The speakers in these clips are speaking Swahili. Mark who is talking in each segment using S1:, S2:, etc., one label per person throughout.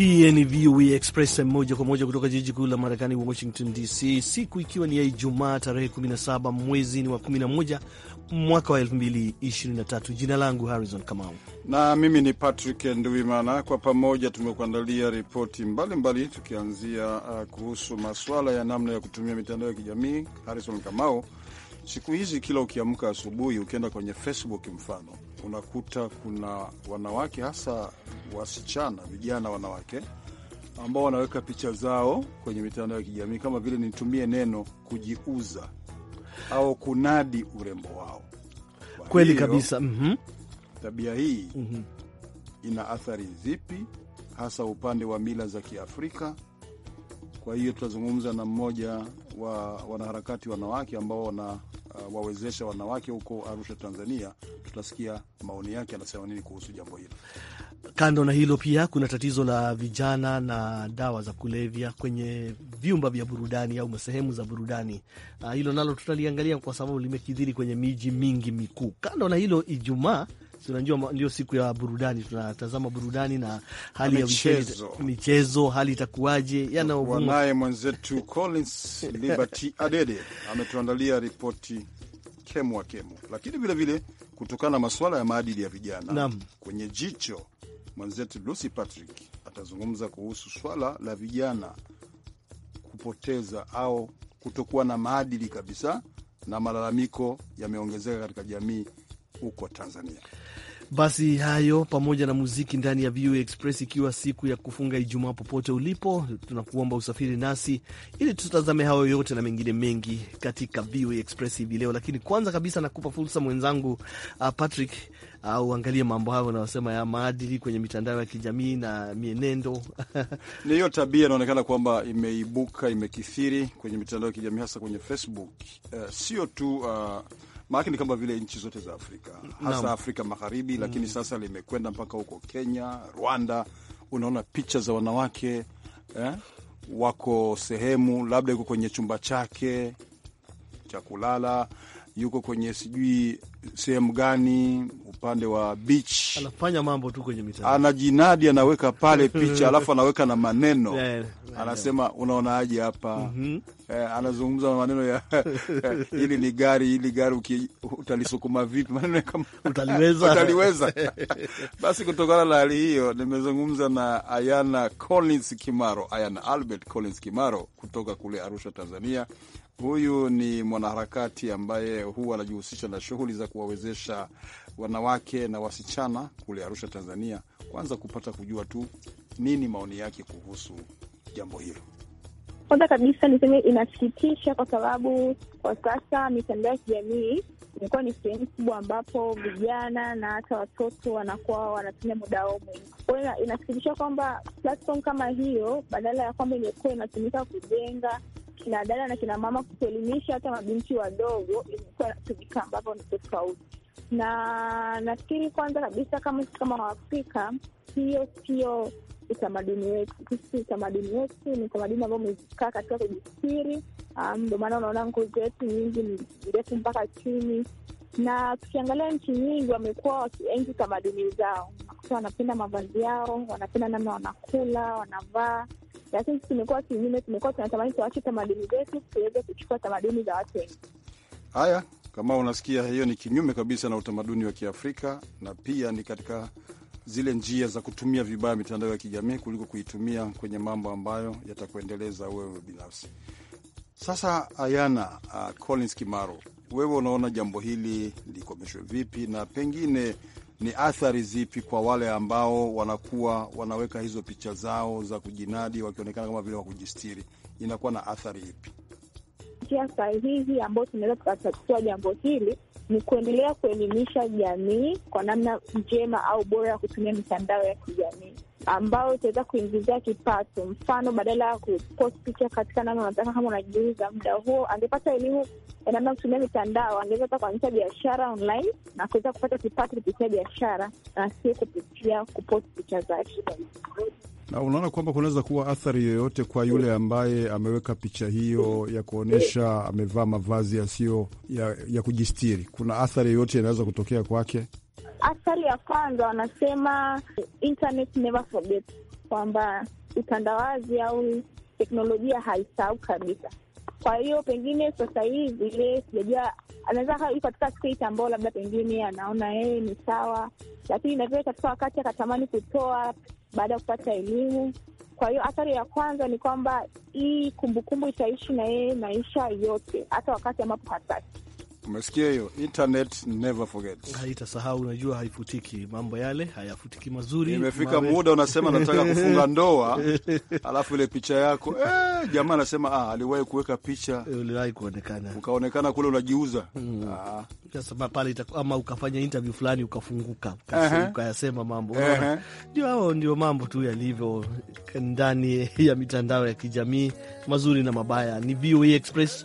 S1: Hii ni VOA e Express moja kwa moja kutoka jiji kuu la Marekani, Washington DC, siku ikiwa ni ya Ijumaa tarehe 17 mwezi ni wa 11 mwaka wa 2023. Jina langu Harrison Kamau
S2: na mimi ni Patrick Nduimana. Kwa pamoja tumekuandalia ripoti mbalimbali, tukianzia uh, kuhusu masuala ya namna ya kutumia mitandao ya kijamii. Harrison Kamau Siku hizi kila ukiamka asubuhi, ukienda kwenye Facebook mfano, unakuta kuna wanawake, hasa wasichana, vijana wanawake ambao wanaweka picha zao kwenye mitandao ya kijamii, kama vile nitumie neno kujiuza au kunadi urembo wao. Kwa kweli kabisa. mm -hmm. Tabia hii
S1: mm -hmm.
S2: ina athari zipi hasa upande wa mila za Kiafrika kwa hiyo tutazungumza na mmoja wa wanaharakati wanawake ambao wanawawezesha uh, wanawake huko Arusha, Tanzania. Tutasikia maoni yake, anasema nini kuhusu jambo hilo.
S1: Kando na hilo, pia kuna tatizo la vijana na dawa za kulevya kwenye vyumba vya burudani au sehemu za burudani. Uh, hilo nalo tutaliangalia kwa sababu limekidhiri kwenye miji mingi mikuu. Kando na hilo, Ijumaa tunajua ndio siku ya burudani, tunatazama burudani na hali ya michezo, michezo hali itakuwaje? Yana
S2: mwenzetu Collins Liberty Adede ametuandalia ripoti kemwa kemu, lakini vilevile kutokana na masuala ya maadili ya vijana Nam. kwenye jicho mwenzetu Lucy Patrick atazungumza kuhusu swala la vijana kupoteza au kutokuwa na maadili kabisa na malalamiko yameongezeka katika jamii huko Tanzania.
S1: Basi hayo pamoja na muziki ndani ya VOA Express, ikiwa siku ya kufunga Ijumaa. Popote ulipo, tunakuomba usafiri nasi ili tutazame hayo yote na mengine mengi katika VOA Express hivi leo. Lakini kwanza kabisa nakupa fursa mwenzangu, uh, Patrick au uh, angalie mambo hayo unayosema ya maadili kwenye mitandao ya kijamii na mienendo.
S2: Ni hiyo tabia inaonekana kwamba imeibuka, imekithiri kwenye mitandao ya kijamii hasa kwenye Facebook. Uh, sio tu uh, maanake ni kama vile nchi zote za Afrika hasa no. Afrika Magharibi mm. Lakini sasa limekwenda mpaka huko Kenya, Rwanda, unaona picha za wanawake eh, wako sehemu labda yuko kwenye chumba chake cha kulala, yuko kwenye sijui sehemu gani, upande wa beach,
S1: anafanya mambo tu kwenye mitandao,
S2: anajinadi, anaweka pale picha alafu anaweka na maneno anasema unaonaje hapa mm-hmm. Eh, anazungumza na maneno ya hili ni gari, hili gari utalisukuma vipi, maneno kama utaliweza, utaliweza. Basi kutokana na hali hiyo, nimezungumza na Ayana Collins Kimaro, Ayana Albert Collins Kimaro kutoka kule Arusha, Tanzania Huyu ni mwanaharakati ambaye huwa anajihusisha na shughuli za kuwawezesha wanawake na wasichana kule Arusha, Tanzania, kwanza kupata kujua tu nini maoni yake kuhusu jambo hilo.
S3: Kwanza kabisa niseme inasikitisha, kwa sababu kwa sasa mitandao ya kijamii imekuwa ni sehemu kubwa ambapo vijana na hata watoto wanakuwa wanatumia muda wao mwingi. Kwa hiyo inasikitisha kwamba platform kama hiyo badala ya kwamba imekuwa inatumika kujenga kina dada na kina mama kuelimisha hata mabinti wadogo ilikuwa natumika ambavyo ni tofauti, na nafikiri kwanza kabisa kama kama Waafrika, hiyo sio utamaduni wetu. Sisi utamaduni wetu ni utamaduni ambao umekaa katika kujistiri, um, ndo maana unaona nguo zetu nyingi ni ndefu mpaka chini, na tukiangalia nchi nyingi wamekuwa wakienzi tamaduni zao, wanapenda mavazi yao, wanapenda namna wanakula, wanavaa lakini tumekuwa kinyume, tumekuwa tunatamani tuache tamaduni zetu tuweze kuchukua tamaduni za watu wengi.
S2: Haya, kama unasikia, hiyo ni kinyume kabisa na utamaduni wa Kiafrika na pia ni katika zile njia za kutumia vibaya mitandao ya kijamii kuliko kuitumia kwenye mambo ambayo yatakuendeleza wewe binafsi. Sasa Ayana, uh, Collins Kimaro, wewe unaona jambo hili likomeshwe vipi na pengine ni athari zipi kwa wale ambao wanakuwa wanaweka hizo picha zao za kujinadi wakionekana kama vile wakujistiri, inakuwa na athari ipi?
S3: Njia sahihi ambayo tunaweza tukatatua jambo hili ni kuendelea kuelimisha jamii kwa namna njema au bora ya kutumia mitandao ya kijamii ambao utaweza kuingizia kipato. Mfano, badala ya kupost picha katika namna unataka, kama unajiuza muda huo, angepata elimu ya namna kutumia mitandao, angeweza hata kuanzisha biashara online na kuweza kupata kipato kupitia biashara na sio kupitia kupost picha zake.
S2: Na unaona kwamba kunaweza kuwa athari yoyote kwa yule ambaye ameweka picha hiyo ya kuonyesha amevaa mavazi yasiyo ya, ya kujistiri? Kuna athari yoyote inaweza kutokea kwake?
S3: athari ya kwanza wanasema internet never forget, kwamba utandawazi au teknolojia haisahau kabisa. Kwa hiyo pengine sasa hivi ile sijajua, anaweza kaa katika state ambayo labda pengine anaona yeye ni sawa, lakini navile katika wakati akatamani kutoa baada ya kupata elimu. Kwa hiyo athari ya kwanza ni kwamba hii kumbukumbu itaishi na yeye maisha yote, hata wakati ambapo hataki
S2: Umesikia hiyo, internet never forget,
S1: haitasahau. Unajua haifutiki, mambo yale hayafutiki mazuri. Imefika muda unasema nataka kufunga ndoa,
S2: alafu ile picha yako eh, jamaa anasema ah, aliwahi kuweka picha, uliwahi kuonekana, ukaonekana kule unajiuza. mm. ah.
S1: Sasa pale ama ukafanya interview fulani ukafunguka, ukayasema mambo. Ndio hao ndio mambo tu yalivyo ndani ya mitandao ya kijamii, mazuri na mabaya. Ni VOA e Express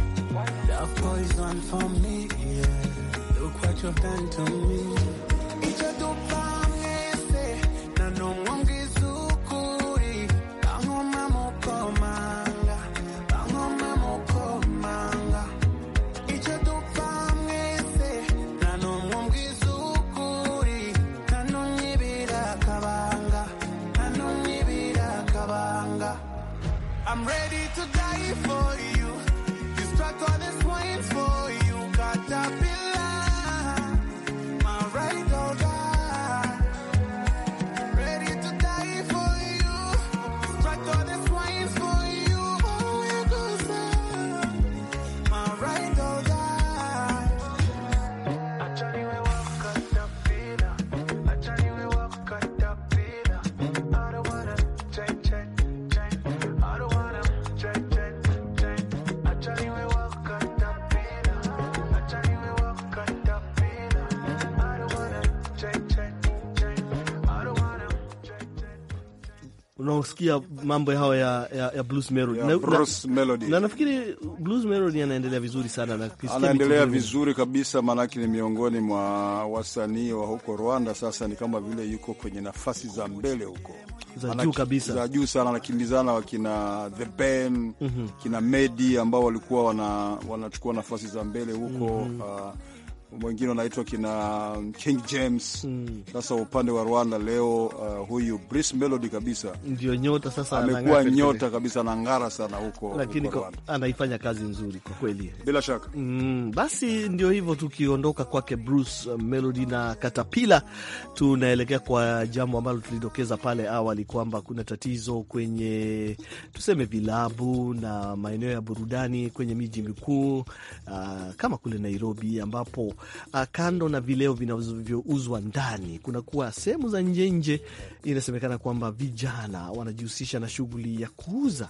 S4: That poison for me, yeah. Look what you've done to me.
S1: unaosikia mambo yao ya, ya, ya blues melody ya na, blues na, melody na nafikiri blues melody anaendelea vizuri sana na anaendelea vizuri
S2: kabisa, maanake ni miongoni mwa wasanii wa huko Rwanda. Sasa ni kama vile yuko kwenye nafasi za mbele huko za juu kabisa, za juu sana, anakimbizana wakina The Ben mm -hmm. kina Medi ambao walikuwa wanachukua wana nafasi za mbele huko mm -hmm. uh, wengine wanaitwa kina um, King James hmm. sasa mm. upande wa Rwanda leo uh, huyu Bruce Melody kabisa ndio nyota sasa, amekuwa nyota kabisa na ngara sana huko, lakini huko
S1: anaifanya kazi nzuri kwa kweli, bila shaka mm, basi ndio hivyo, tukiondoka kwake Bruce uh, Melody na Katapila tunaelekea kwa jambo ambalo tulidokeza pale awali kwamba kuna tatizo kwenye tuseme vilabu na maeneo ya burudani kwenye miji mikuu uh, kama kule Nairobi ambapo uh, kando na vileo vinavyouzwa ndani, kunakuwa sehemu za nje nje. Inasemekana kwamba vijana wanajihusisha na shughuli ya kuuza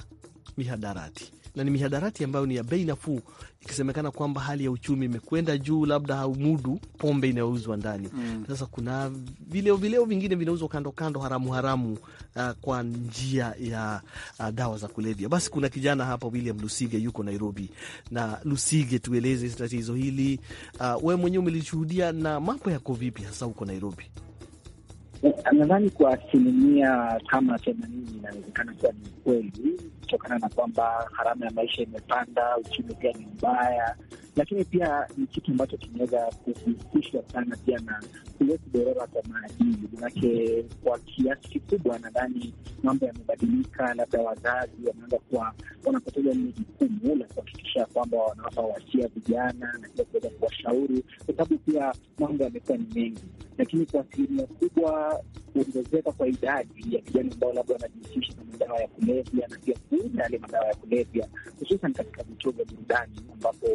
S1: mihadarati na ni mihadarati ambayo ni ya bei nafuu, ikisemekana kwamba hali ya uchumi imekwenda juu, labda haumudu pombe inayouzwa ndani mm. Sasa kuna vileo vileo vingine vinauzwa kando kando, haramu haramu, uh, kwa njia ya uh, dawa za kulevya. Basi kuna kijana hapa William Lusige yuko Nairobi. Na Lusige, tueleze tatizo hili uh, wewe mwenyewe umelishuhudia na mambo yako vipi
S5: hasa huko Nairobi? Eh, nadhani kwa asilimia kama themanini inawezekana kuwa ni ukweli, kutokana na kwamba gharama ya maisha imepanda, uchumi pia ni mbaya lakini pia ni kitu ambacho kimeweza kuhusishwa sana pia na kule kudorora kwa maadili, manake kwa kiasi kikubwa nadhani mambo yamebadilika, labda wazazi wameanza kuwa wanapoteza lile jukumu la kuhakikisha kwamba wanawapa wasia vijana na pia kuweza kuwashauri, kwa sababu pia mambo yamekuwa ni mengi, lakini kwa asilimia kubwa kuongezeka kwa idadi ya vijana ambao labda wanajihusisha na madawa ya kulevya na pia kuuza yale madawa ya kulevya, hususan katika vituo vya burudani ambapo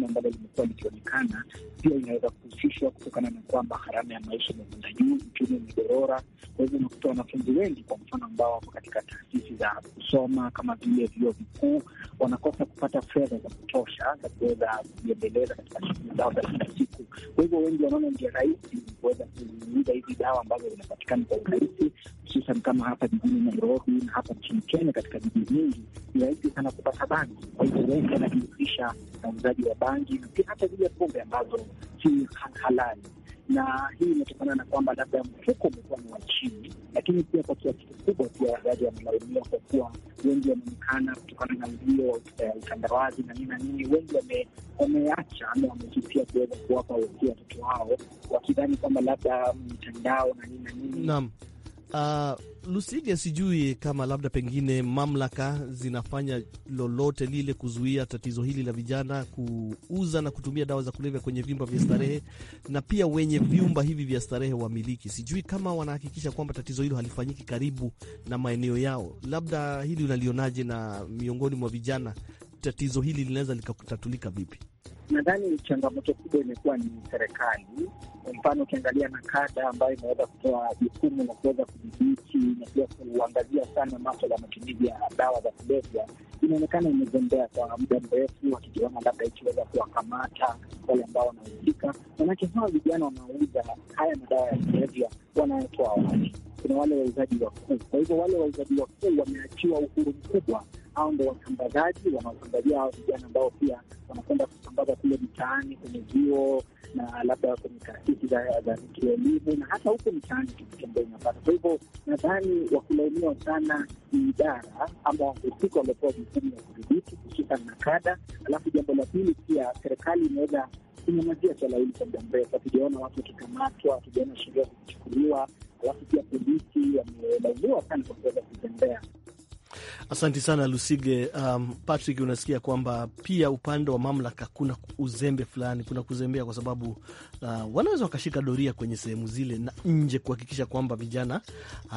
S5: somo ambalo limekuwa likionekana pia inaweza kuhusishwa kutokana na kwamba gharama ya maisha imekwenda juu, uchumi umedorora. Kwa hivyo unakuta wanafunzi wengi, kwa mfano, ambao wako katika taasisi za kusoma kama vile vyuo vikuu, wanakosa kupata fedha za kutosha za kuweza kujiendeleza katika shughuli zao za kila siku. Kwa hivyo wengi wanaona njia rahisi kuweza kuzungumza hizi dawa ambazo zinapatikana kwa urahisi, hususan kama hapa jijini Nairobi na hapa nchini Kenya, katika jiji nyingi ni rahisi sana kupata bangi. Kwa hivyo wengi wanajihusisha na uuzaji wa bangi pia hata zile pombe ambazo si halali, na hii inatokana na kwamba labda mfuko umekuwa ni wa chini, lakini pia kwa kiasi kikubwa pia wagaji wamelaumiwa kwa kuwa wengi wameonekana kutokana na ulio wa utandawazi na nini na nini, wengi wameacha ama wamekitia kuweza kuwapa wasia watoto wao wakidhani kwamba labda mitandao na nini na
S1: nini Uh, Lusidia, sijui kama labda pengine mamlaka zinafanya lolote lile kuzuia tatizo hili la vijana kuuza na kutumia dawa za kulevya kwenye vyumba vya starehe, na pia wenye vyumba hivi vya starehe wamiliki, sijui kama wanahakikisha kwamba tatizo hilo halifanyiki karibu na maeneo yao. Labda hili unalionaje, na miongoni mwa vijana tatizo hili linaweza likatatulika vipi?
S5: Nadhani changamoto kubwa imekuwa ni serikali. Kwa mfano, ukiangalia na kada ambayo imeweza kutoa jukumu na kuweza kudhibiti na pia kuangazia sana maswala ya matumizi ya dawa za kulevya, inaonekana imezembea kwa muda mrefu, wakijiona labda ikiweza kuwakamata wale ambao wanahusika. Manake hawa vijana wanaouza haya madawa ya kulevya wanayotoa wapi? Kuna wale wauzaji wakuu. Kwa hivyo wale wauzaji wakuu wameachiwa uhuru mkubwa hao ndo wasambazaji wanaosambalia hao vijana ambao pia wanakwenda kusambaza kule mitaani, kwenye vio na labda kwenye taasisi za kielimu na hata huko mitaani tukitembea inapata. Kwa hivyo nadhani wakulaumiwa sana ni idara ama wahusika waliopewa jukumu ya kudhibiti, hususan na kada. Alafu jambo la pili pia, serikali imeweza kunyamazia swala hili kwa muda mrefu. Hatujaona watu wakikamatwa, hatujaona sheria zikichukuliwa. Alafu pia polisi wamelaumiwa sana kwa kuweza kutembea
S1: Asanti sana Lusige. Um, Patrick, unasikia kwamba pia upande wa mamlaka kuna uzembe fulani, kuna kuzembea kwa sababu uh, wanaweza wakashika doria kwenye sehemu zile na nje kuhakikisha kwamba vijana uh,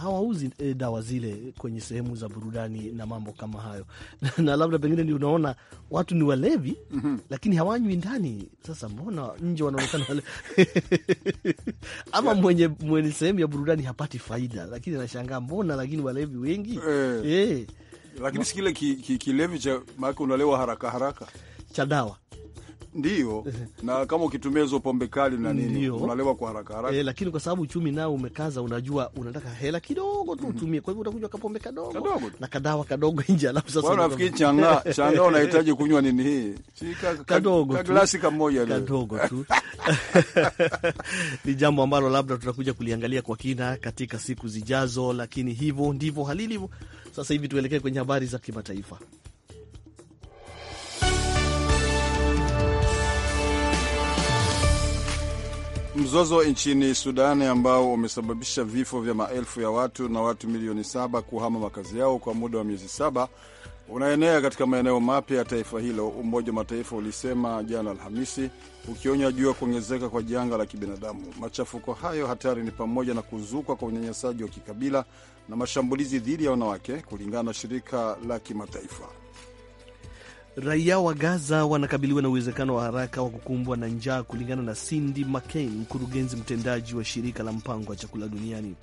S1: hawauzi e, dawa zile kwenye sehemu za burudani na mambo kama hayo na labda pengine ni unaona watu ni walevi mm -hmm. lakini hawanywi ndani. Sasa mbona nje wanaonekana wale ama mwenye, mwenye sehemu ya burudani hapati faida, lakini anashangaa mbona lakini walevi
S2: wengi eh. Eh. eh, lakini sikile kilevi ki, ki cha maake unalewa haraka haraka cha dawa ndio na kama ukitumia hizo pombe kali na nini unalewa kwa haraka haraka e,
S1: lakini kwa sababu uchumi nao umekaza, unajua unataka hela kidogo tu mhm. utumie, kwa hivyo utakunywa kapombe kadogo, kadogo na kadawa kadogo nje, alafu sasa unafikiri changa changa unahitaji
S2: kunywa nini hii chika kadogo ka ka glasi kamoja kadogo
S1: tu ni jambo ambalo labda tutakuja kuliangalia kwa kina katika siku zijazo, lakini hivyo ndivyo halilivyo sasa hivi. Tuelekee kwenye habari za kimataifa.
S2: Mzozo nchini Sudani ambao umesababisha vifo vya maelfu ya watu na watu milioni saba kuhama makazi yao kwa muda wa miezi saba unaenea katika maeneo mapya ya taifa hilo, Umoja wa Mataifa ulisema jana Alhamisi, ukionya juu ya kuongezeka kwa janga la kibinadamu. Machafuko hayo hatari ni pamoja na kuzuka kwa unyanyasaji wa kikabila na mashambulizi dhidi ya wanawake, kulingana na shirika la kimataifa.
S1: Raia wa Gaza wanakabiliwa na uwezekano wa haraka wa kukumbwa na njaa kulingana na Cindy McCain, mkurugenzi mtendaji wa shirika la mpango wa chakula duniani.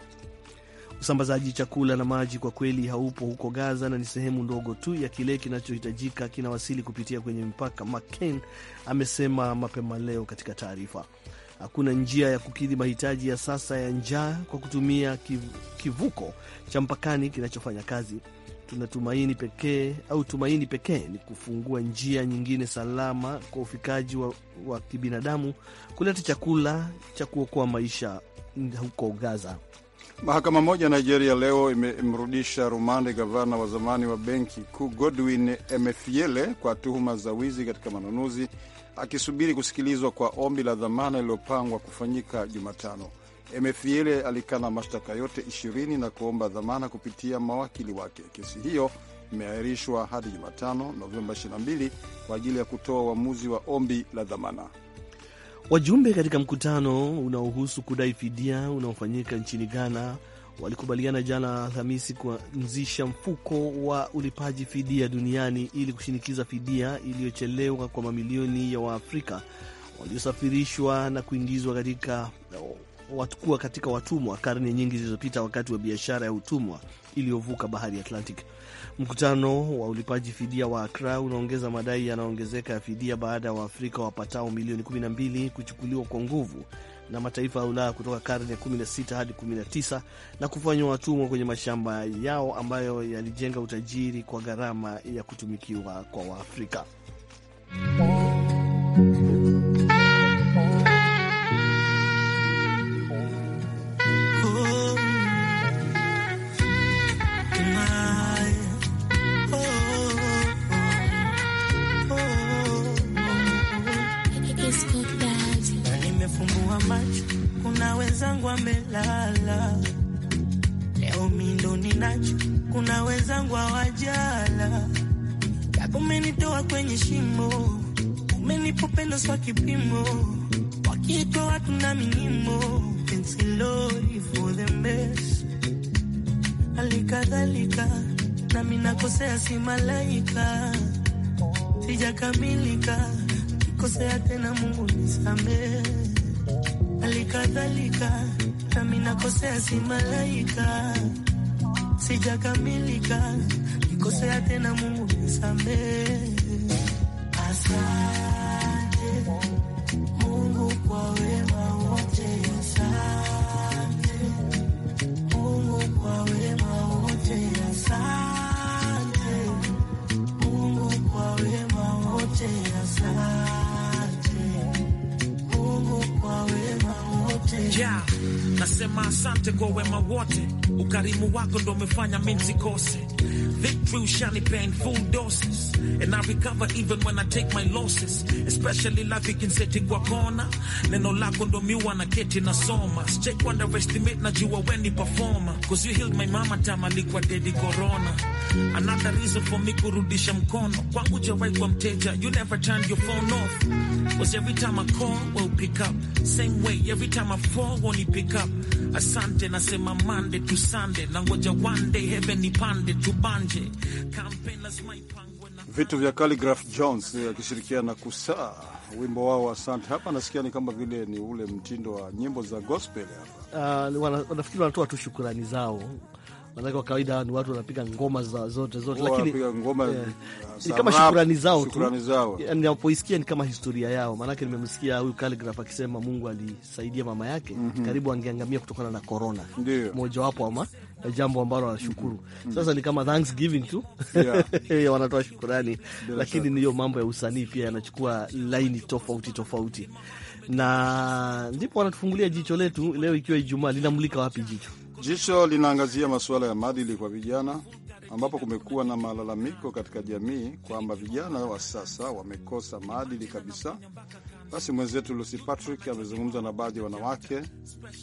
S1: Usambazaji chakula na maji kwa kweli haupo huko Gaza na ni sehemu ndogo tu ya kile kinachohitajika kinawasili kupitia kwenye mipaka, McCain amesema mapema leo katika taarifa. Hakuna njia ya kukidhi mahitaji ya sasa ya njaa kwa kutumia kivuko cha mpakani kinachofanya kazi tunatumaini pekee au tumaini pekee ni kufungua njia nyingine salama kwa ufikaji wa, wa kibinadamu kuleta chakula cha kuokoa maisha huko Gaza.
S2: Mahakama moja Nigeria leo imemrudisha rumande gavana wa zamani wa benki kuu Godwin Emefiele kwa tuhuma za wizi katika manunuzi, akisubiri kusikilizwa kwa ombi la dhamana iliyopangwa kufanyika Jumatano. Emethiele alikana mashtaka yote ishirini na kuomba dhamana kupitia mawakili wake. Kesi hiyo imeahirishwa hadi Jumatano, Novemba 22 kwa ajili ya kutoa uamuzi wa ombi la dhamana.
S1: Wajumbe katika mkutano unaohusu kudai fidia unaofanyika nchini Ghana walikubaliana jana Alhamisi kuanzisha mfuko wa ulipaji fidia duniani ili kushinikiza fidia iliyochelewa kwa mamilioni ya Waafrika waliosafirishwa na kuingizwa katika kuwa katika watumwa karne nyingi zilizopita wakati wa biashara ya utumwa iliyovuka bahari Atlantic. Mkutano wa ulipaji fidia wa Akra unaongeza madai yanayoongezeka ya fidia baada ya Waafrika wapatao milioni 12 kuchukuliwa kwa nguvu na mataifa ya Ulaya kutoka karne ya 16 hadi 19 na kufanywa watumwa kwenye mashamba yao ambayo yalijenga utajiri kwa gharama ya kutumikiwa kwa Waafrika.
S6: kadhalika, nami nakosea, si malaika, sijakamilika, kikosea tena, Mungu nisamehe. Hali kadhalika, nami nakosea, si malaika, sijakamilika, kikosea tena, Mungu nisamehe.
S4: Asa
S7: asante kwa wema wote, ukarimu wako ndo umefanya mimi nisikose Victory surely painful doses, and I recover even when I take my losses, especially life ikinisetigwa kona. Neno lako ndo miwa na keti na soma, check one estimate, na jua when ni performer, cause you healed my mama time alikuwa dedi corona. Another reason for me kurudisha mkono kwangu jawai kwa mteja, you never turn your phone off, cause every time I call we'll pick up, same way every time I fall won't pick up. Asante nasema Monday to Sunday, nangoja one day heaven ipande band. nje.
S2: Vitu vya Khaligraph Jones akishirikiana kusaa wimbo wao wa Sant hapa, nasikia ni kama vile ni ule mtindo wa nyimbo za gospel
S1: hapa. Uh, wana, wanafikiri wanatoa tu shukurani zao Manake kwa kawaida ni watu wanapiga ngoma za zote zote, lakini ngoma eh,
S2: ni kama shukrani zao tu,
S1: napoisikia ni kama historia yao. manake nimemsikia huyu Khaligraph akisema Mungu alisaidia mama yake, mm -hmm. karibu angeangamia kutokana na korona, mojawapo ama Eh, jambo ambalo wanashukuru. Sasa ni kama Thanksgiving tu yeah. Eh, wanatoa shukurani lakini niyo mambo ya usanii pia yanachukua laini tofauti tofauti, na ndipo wanatufungulia jicho letu leo, ikiwa Ijumaa. Linamulika wapi jicho?
S2: Jicho linaangazia masuala ya maadili kwa vijana, ambapo kumekuwa na malalamiko katika jamii kwamba vijana wa sasa wamekosa maadili kabisa. Basi mwenzetu Lucy Patrick amezungumza na baadhi ya wanawake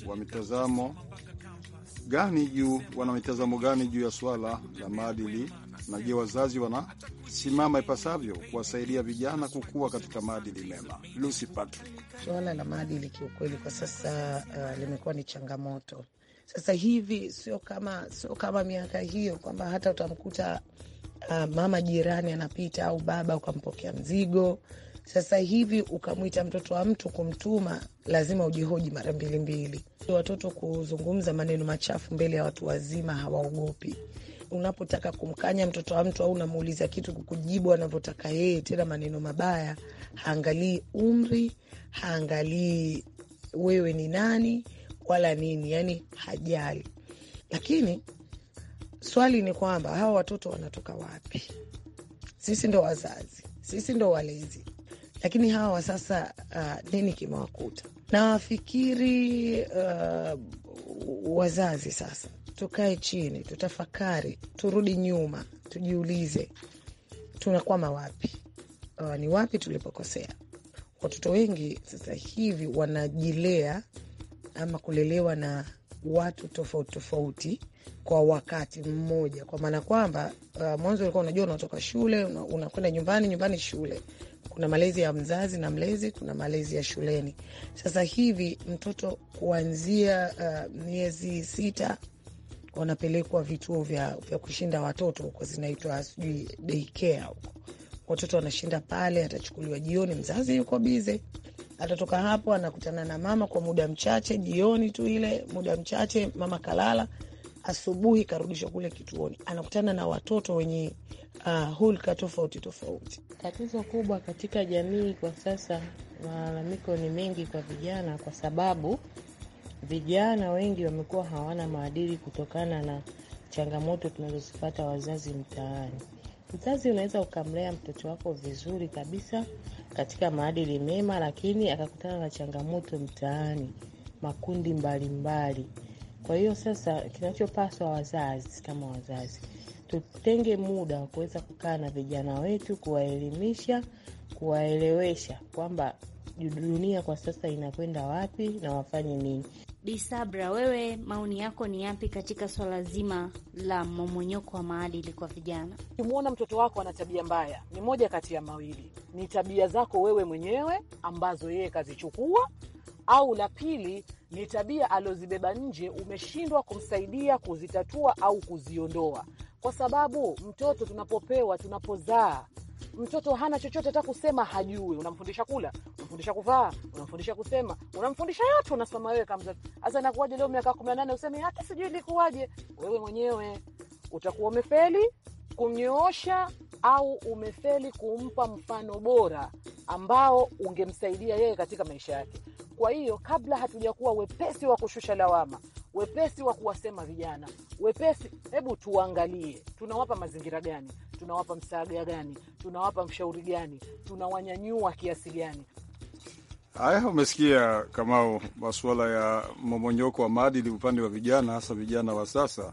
S2: wa mitazamo gani juu wana mitazamo gani juu ya swala la maadili, na je, wazazi wanasimama ipasavyo kuwasaidia vijana kukua katika maadili mema? Lucy Patrick.
S6: Swala la maadili kiukweli kwa sasa uh, limekuwa ni changamoto sasa hivi, sio kama sio kama miaka hiyo kwamba hata utamkuta uh, mama jirani anapita au baba ukampokea mzigo sasa hivi ukamwita mtoto wa mtu kumtuma, lazima ujihoji mara mbili mbili. Watoto kuzungumza maneno machafu mbele ya watu wazima hawaogopi. Unapotaka kumkanya mtoto wa mtu au unamuuliza kitu kukujibu anavyotaka yeye, tena maneno mabaya, haangalii umri, haangalii wewe ni nani wala nini, yani hajali. Lakini swali ni kwamba hawa watoto wanatoka wapi? Sisi ndo wazazi, sisi ndo walezi, lakini hawa sasa uh, nini kimewakuta? Nawafikiri uh, wazazi sasa, tukae chini, tutafakari, turudi nyuma, tujiulize tunakwama wapi? Uh, ni wapi tulipokosea? Watoto wengi sasa hivi wanajilea ama kulelewa na watu tofauti tofauti kwa wakati mmoja, kwa maana kwamba uh, mwanzo ulikuwa unajua unatoka shule unakwenda una nyumbani, nyumbani shule, kuna malezi ya mzazi na mlezi, kuna malezi ya shuleni. Sasa hivi mtoto kuanzia uh, miezi sita wanapelekwa vituo vya, vya kushinda watoto huko, zinaitwa sijui daycare huko. Watoto wanashinda pale, atachukuliwa jioni, mzazi yuko bize, atatoka hapo anakutana na mama kwa muda mchache, jioni tu ile muda mchache, mama kalala asubuhi karudishwa kule kituoni, anakutana na watoto wenye uh, hulka tofauti tofauti. Tatizo kubwa katika jamii kwa sasa, malalamiko ni mengi kwa vijana, kwa sababu vijana wengi wamekuwa hawana maadili kutokana na changamoto tunazozipata wazazi mtaani. Mzazi unaweza ukamlea mtoto wako vizuri kabisa katika maadili mema, lakini akakutana na changamoto mtaani, makundi mbalimbali mbali. Kwa hiyo sasa, kinachopaswa wazazi, kama wazazi, tutenge muda wa kuweza kukaa na vijana wetu, kuwaelimisha, kuwaelewesha kwamba dunia kwa sasa inakwenda wapi na wafanye nini.
S3: Disabra, wewe maoni yako ni yapi katika swala zima la momonyoko wa maadili kwa vijana? Ukimwona mtoto wako ana tabia mbaya, ni moja kati ya mawili: ni
S6: tabia zako wewe mwenyewe ambazo yeye kazichukua au la pili ni tabia alozibeba nje, umeshindwa kumsaidia kuzitatua au kuziondoa, kwa sababu mtoto tunapopewa, tunapozaa mtoto hana chochote hata kusema hajui. Unamfundisha kula, unamfundisha kuvaa, unamfundisha kusema, unamfundisha yote, unasoma wewe kama mzazi. Sasa inakuwaje leo miaka kumi na nane useme hata sijui ilikuwaje? Wewe mwenyewe utakuwa umefeli kumnyoosha au umefeli kumpa mfano bora ambao ungemsaidia yeye katika maisha yake. Kwa hiyo kabla hatujakuwa wepesi wa kushusha lawama, wepesi wa kuwasema vijana, wepesi, hebu tuangalie tunawapa mazingira gani, tunawapa msaada gani, tunawapa mshauri gani, tunawanyanyua kiasi gani.
S2: Haya, umesikia kamau masuala ya momonyoko wa maadili upande wa vijana, hasa vijana wa sasa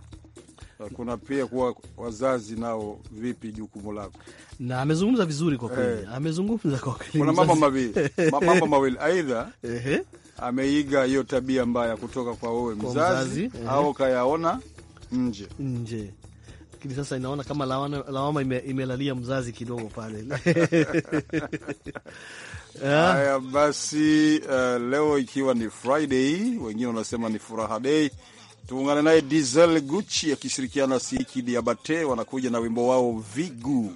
S2: Eh, kuna pia kuwa wazazi nao, vipi jukumu lako?
S1: Na amezungumza vizuri kwa kweli, eh.
S2: amezungumza
S1: kwa kweli, kuna mambo mawili mambo
S2: mawili, aidha ameiga hiyo tabia mbaya kutoka kwa wewe mzazi, mzazi au kayaona nje nje
S1: lakini sasa inaona kama lawama, ime, imelalia mzazi kidogo pale.
S2: Ah. Haya basi, uh, leo ikiwa ni Friday, wengine wanasema ni furaha day. Tuungane naye Diesel Gucci akishirikiana Siki Diabate wanakuja na wimbo wao Vigu.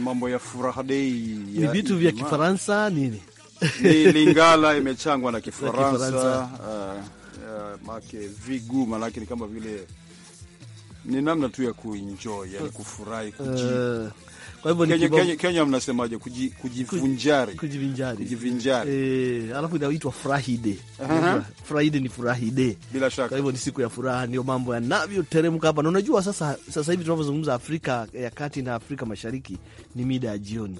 S2: mambo ya furaha dei, ni vitu vya Kifaransa nini Lingala imechangwa na Kifaransa uh, eh, eh, make vigu manake ni kama vile ni namna tu ya kuenjoy, yani kufurahi eh, kwa hivyo Kenya, Kenya, Kenya mnasemaje? kuji, kujivinjari
S1: kujivinjari eh, alafu inaitwa Frahide uh -huh. ni Frahide bila shaka, kwa hivyo ni siku ya furaha, ndio mambo yanavyoteremka hapa. Na unajua sasa, sasa hivi tunavyozungumza Afrika ya Kati na Afrika Mashariki ni mida ya jioni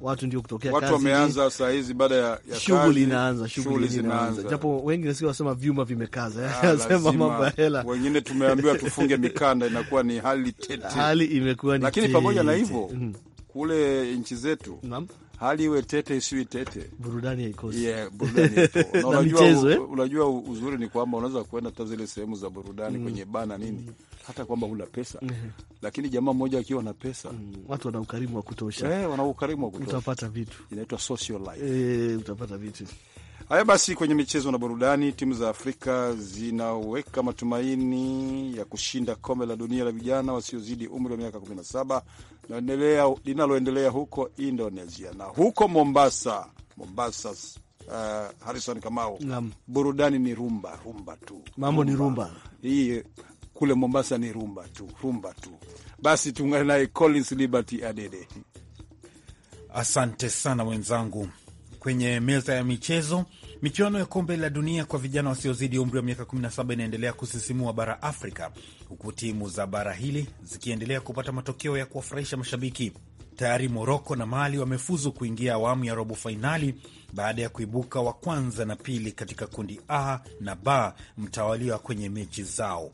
S2: watu ndio kutokea watu wameanza saa hizi, baada ya shughuli inaanza, shughuli zinaanza, japo
S1: wengi nasikia wasema vyuma vimekaza, ah, anasema mambo ya hela. Wengine tumeambiwa tufunge
S2: mikanda, inakuwa ni hali tete, hali imekuwa ni, lakini pamoja na hivyo mm. kule nchi zetu hali iwe tete isiwi tete, burudani
S1: haikosi. Yeah, burudani ipo na unajua, eh?
S2: unajua uzuri ni kwamba unaweza kuenda hata zile sehemu za burudani mm. kwenye bana nini mm. hata kwamba huna pesa mm. lakini jamaa mmoja akiwa na pesa mm.
S1: watu wana ukarimu wa kutosha eh, wana ukarimu wa kutosha, utapata vitu, inaitwa social life eh, utapata vitu
S2: Haya basi, kwenye michezo na burudani, timu za Afrika zinaweka matumaini ya kushinda kombe la dunia la vijana wasiozidi umri wa miaka 17 linaloendelea huko Indonesia na huko Mombasa. Mombasa uh, Harrison Kamau, burudani ni rumba, rumba tu, mambo ni rumba hii kule Mombasa ni rumba tu, rumba tu. Basi tuungane naye Collins Liberty Adede.
S7: Asante sana mwenzangu. Kwenye meza ya michezo Michuano ya kombe la dunia kwa vijana wasiozidi umri wa miaka 17 inaendelea kusisimua bara Afrika, huku timu za bara hili zikiendelea kupata matokeo ya kuwafurahisha mashabiki. Tayari Moroko na Mali wamefuzu kuingia awamu ya robo fainali baada ya kuibuka wa kwanza na pili katika kundi A na B mtawaliwa kwenye mechi zao.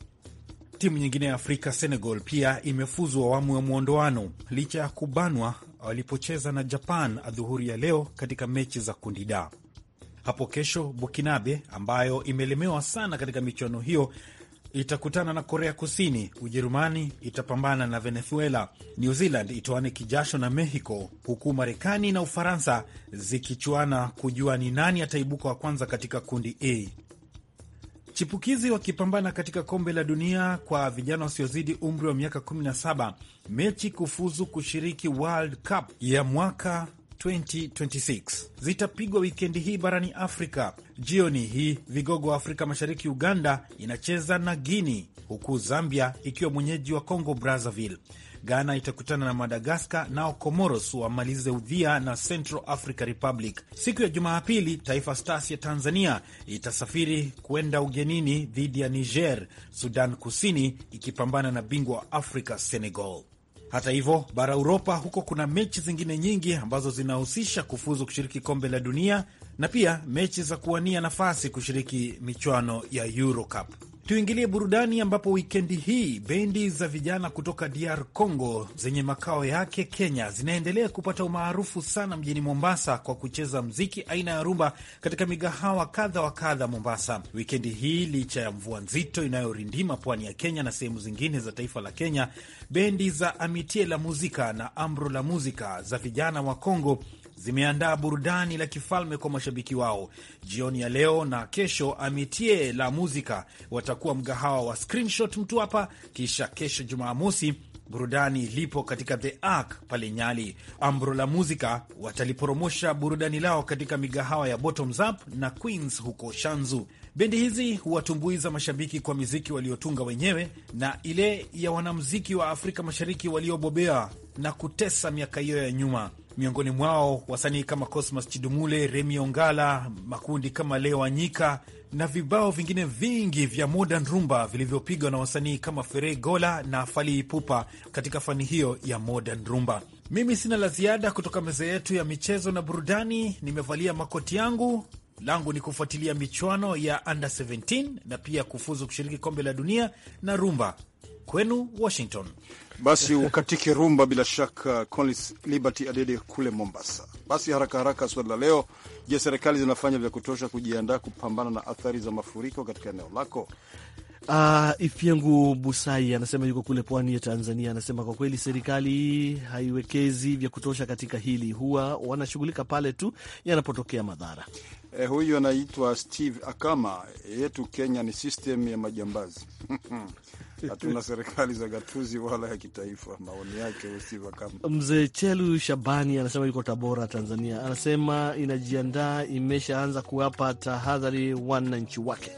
S7: Timu nyingine ya Afrika, Senegal, pia imefuzu awamu ya mwondoano licha ya kubanwa walipocheza na Japan adhuhuri ya leo katika mechi za kundi da. Hapo kesho Bukinabe ambayo imelemewa sana katika michuano hiyo itakutana na Korea Kusini, Ujerumani itapambana na Venezuela, New Zealand itoane kijasho na Mexico, huku Marekani na Ufaransa zikichuana kujua ni nani ataibuka wa kwanza katika kundi A. Chipukizi wakipambana katika kombe la dunia kwa vijana wasiozidi umri wa miaka 17, mechi kufuzu kushiriki World Cup ya mwaka 2026 zitapigwa wikendi hii barani Afrika. Jioni hii vigogo wa Afrika Mashariki, Uganda inacheza na Guini, huku Zambia ikiwa mwenyeji wa Congo Brazzaville. Ghana itakutana na Madagaskar, nao Comoros wamalize udhia na Central Africa Republic. Siku ya Jumapili, Taifa Stars ya Tanzania itasafiri kwenda ugenini dhidi ya Niger, Sudan Kusini ikipambana na bingwa wa Afrika Senegal. Hata hivyo, bara Uropa huko kuna mechi zingine nyingi ambazo zinahusisha kufuzu kushiriki kombe la dunia na pia mechi za kuwania nafasi kushiriki michuano ya Euro Cup. Tuingilie burudani ambapo wikendi hii bendi za vijana kutoka DR Congo zenye makao yake Kenya zinaendelea kupata umaarufu sana mjini Mombasa kwa kucheza mziki aina ya rumba katika migahawa kadha wa kadha Mombasa wikendi hii. Licha ya mvua nzito inayorindima pwani ya Kenya na sehemu zingine za taifa la Kenya, bendi za Amitie la Muzika na amro la Muzika za vijana wa Congo zimeandaa burudani la kifalme kwa mashabiki wao jioni ya leo na kesho. Amitie la muzika watakuwa mgahawa wa Screenshot hapa kisha kesho Jumamosi burudani lipo katika The Arc pale Nyali. Ambro la muzika wataliporomosha burudani lao katika migahawa ya Bottoms Up na Queens huko Shanzu. Bendi hizi huwatumbuiza mashabiki kwa miziki waliotunga wenyewe na ile ya wanamziki wa Afrika Mashariki waliobobea na kutesa miaka hiyo ya nyuma miongoni mwao wasanii kama Cosmas Chidumule, Remi Ongala, makundi kama Leo Anyika na vibao vingine vingi vya modern rumba vilivyopigwa na wasanii kama Fere Gola na Fally Ipupa katika fani hiyo ya modern rumba. Mimi sina la ziada kutoka meza yetu ya michezo na burudani. Nimevalia makoti yangu langu ni kufuatilia michuano ya under 17 na pia kufuzu kushiriki kombe la dunia na rumba Kwenu Washington.
S2: Basi ukatike rumba bila shaka, Collins Liberty Adede kule Mombasa. Basi haraka haraka, swali la leo: je, serikali zinafanya vya kutosha kujiandaa kupambana na athari za mafuriko katika eneo lako?
S1: Uh, ah, Ifyengu Busai anasema yuko kule pwani ya Tanzania. Anasema kwa kweli serikali haiwekezi vya kutosha katika hili, huwa wanashughulika pale tu yanapotokea madhara.
S2: Eh, huyu anaitwa Steve Akama. Yetu Kenya ni system ya majambazi hatuna serikali za gatuzi wala ya kitaifa. Maoni yake Steve Akama.
S1: Mzee Chelu Shabani anasema yuko Tabora, Tanzania, anasema inajiandaa, imeshaanza kuwapa tahadhari wananchi wake.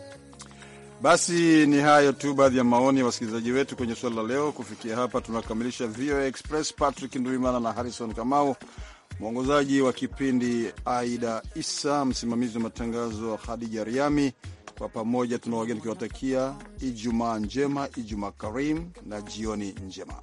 S2: Basi ni hayo tu baadhi ya maoni ya wasikilizaji wetu kwenye swala la leo. Kufikia hapa tunakamilisha VOA Express. Patrick Nduimana na Harrison Kamau mwongozaji wa kipindi Aida Isa, msimamizi wa matangazo Hadija Riami. Kwa pamoja tuna wageni tukiwatakia Ijumaa njema, Ijumaa karimu na jioni njema.